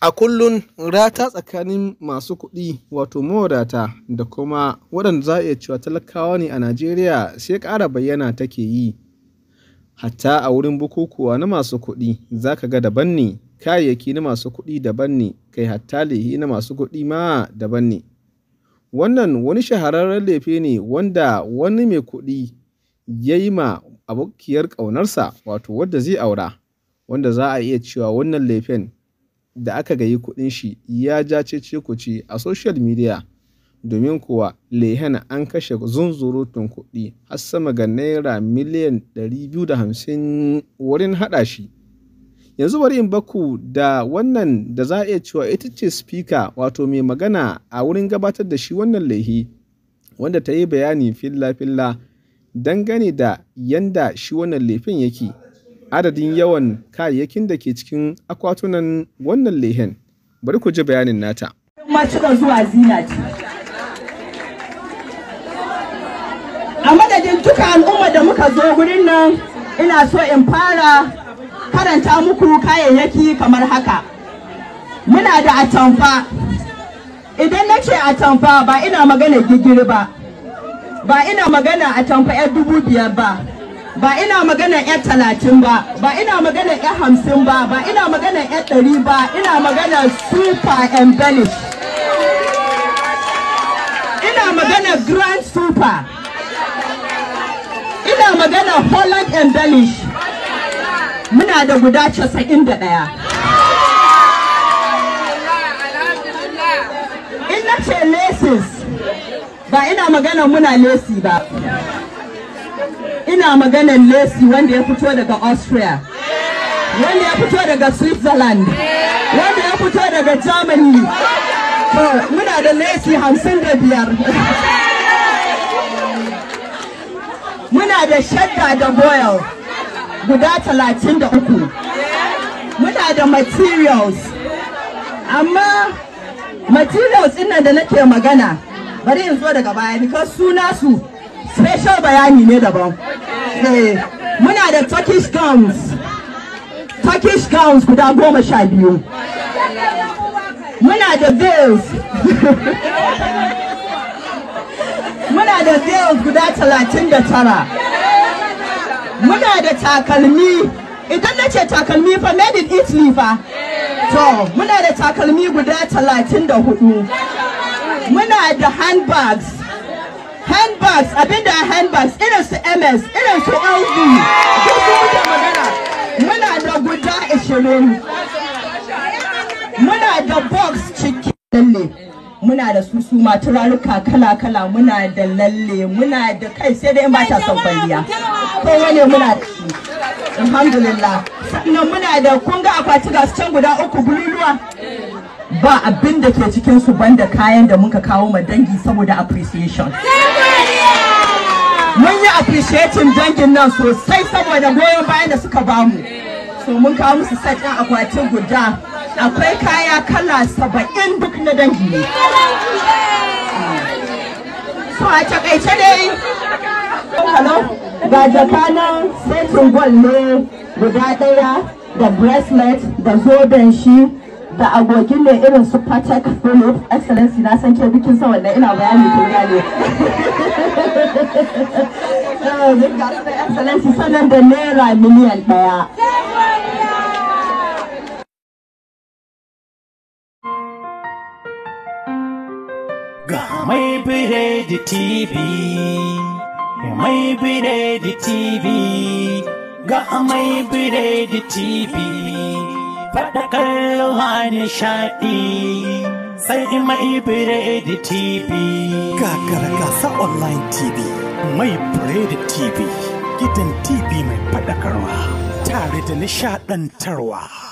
a kullun rata tsakanin masu kuɗi wato mawadata da kuma waɗanda za a iya cewa talakawa ne a najeriya sai ƙara bayyana take yi hatta a wurin bukukuwa na masu kuɗi za ka ga daban ne kayayyaki na masu kuɗi daban ne kai hatta lehi na masu kuɗi ma daban ne wannan wani shahararren lefe ne wanda wani mai kuɗi ya yi ma abokiyar ƙaunarsa wato wadda zai aura wanda za a iya cewa wannan lefen da aka gayi kuɗin shi ya ja cece-kuce a social midiya, domin kuwa lehen an kashe zunzurutun kuɗi har sama ga Naira miliyan 250 wurin haɗa shi. Yanzu bari in baku da wannan da za a iya cewa ita ce spika wato mai magana a wurin gabatar da shi wannan laihi, wanda ta yi bayani filla-filla dangane da yanda shi wannan laifin yake. adadin yawan kayayyakin da ke cikin akwatunan wannan lehen. Bari ku ji bayanin nata. A madadin duka al'umma da muka zo gurin nan ina so in fara karanta muku kayayyaki kamar haka. Muna da atamfa. Idan na ce atamfa ba ina magana gigiri ba, ba ina magana atamfa 'yar dubu biyar ba. ba ina magana yan talatin ba ba ina magana yan hamsin ba ba ina magana yan ɗari ba ina magana super embellish ina magana grand super ina magana holland embellish muna da guda casa'in da ɗaya ina ce laces ba ina magana muna lesi ba ina maganar lesi wanda ya fito daga austria wanda ya fito daga switzerland wanda ya fito daga germany muna da lesi hamsin da biyar muna da shadda da boil guda talatin da uku muna da materials amma materials ina da nake magana bari in zo daga baya because suna su special bayani ne daban Eh. muna da turkish gowns turkish gowns guda goma sha biyu muna da veils muna da veils guda talatin da tara muna da takalmi idan na ce takalmi fa made in italy fa to muna da takalmi guda talatin da hudu muna da handbags handbags abinda a handbags irin su ms irin su lv su magana muna da guda ishirin muna da box cikin lalle muna da susu su turaruka kala-kala muna da lalle muna da kai sai dai in ba ta son kwalliya kowane muna da shi alhamdulillah sannan muna da kun ga akwati gasu can guda uku buluruwa ba abin da ke cikin su banda kayan da muka kawo ma dangi saboda appreciation mun yi appreciating dangin nan sosai saboda goyon bayan da suka bamu so mun kawo musu set ɗin akwati guda akwai kaya kala saba'in duk na dangi ne so a takaice dai ga jakanan setin gwal ne guda ɗaya da bracelet da zoben shi da agogin ne irin su patek philip excellency na san ke bikin sa wanda ina bayani ko gane eh, excellency sanar da naira miliyan ɗaya ga mai da tv Mai Biredi TV ga Mai Biredi TV faɗakar nishaɗi sai Mai Biredi TV. Kakara gasa online TV Mai Biredi TV gidan TV mai faɗakarwa tare da nishaɗantarwa.